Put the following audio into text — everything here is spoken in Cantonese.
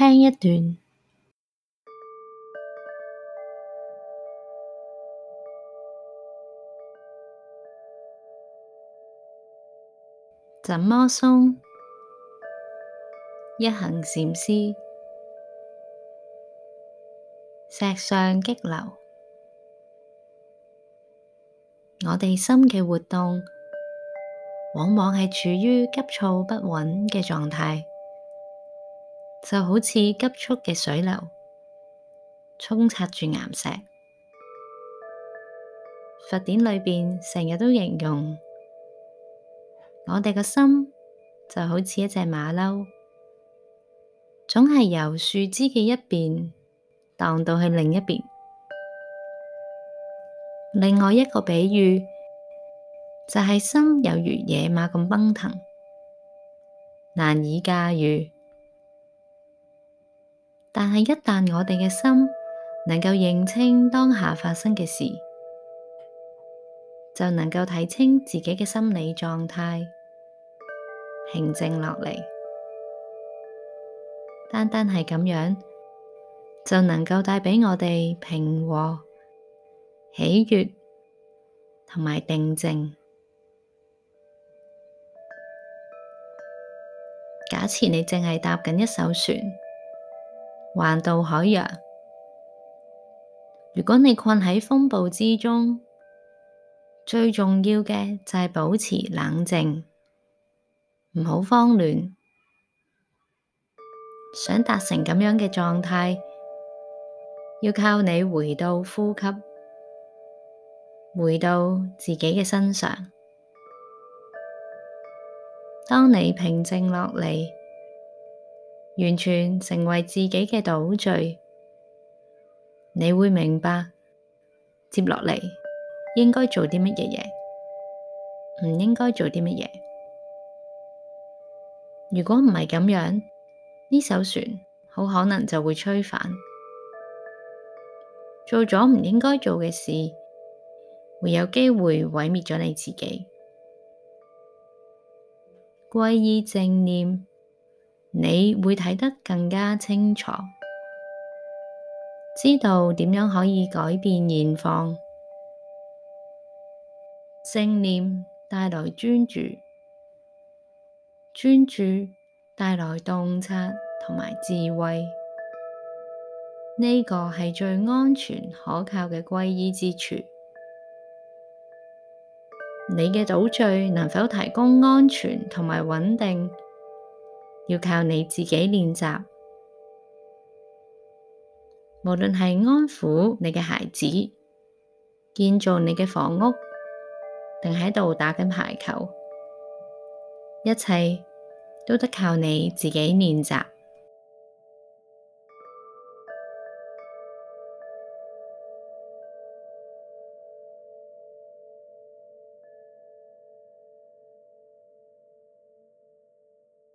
聽一段，怎麼鬆？一行禪師，石上激流，我哋心嘅活動，往往係處於急躁不穩嘅狀態。就好似急速嘅水流沖刷住岩石。佛典裏邊成日都形容我哋嘅心就好似一隻馬騮，總係由樹枝嘅一邊蕩到去另一邊。另外一個比喻就係、是、心有如野馬咁奔騰，難以駕馭。但係一旦我哋嘅心能夠認清當下發生嘅事，就能夠睇清自己嘅心理狀態，平靜落嚟。單單係咁樣就能夠帶畀我哋平和、喜悅同埋定靜。假設你淨係搭緊一艘船。橫渡海洋。如果你困喺風暴之中，最重要嘅就係保持冷靜，唔好慌亂。想達成咁樣嘅狀態，要靠你回到呼吸，回到自己嘅身上。當你平靜落嚟。完全成為自己嘅賭注，你會明白接落嚟應該做啲乜嘢嘢，唔應該做啲乜嘢。如果唔係咁樣，呢艘船好可能就會吹翻。做咗唔應該做嘅事，會有機會毀滅咗你自己。歸依正念。你會睇得更加清楚，知道點樣可以改變現況。信念帶來專注，專注帶來洞察同埋智慧。呢、這個係最安全可靠嘅皈依之處。你嘅賭注，能否提供安全同埋穩定？要靠你自己練習。無論係安撫你嘅孩子、建造你嘅房屋，定喺度打緊排球，一切都得靠你自己練習。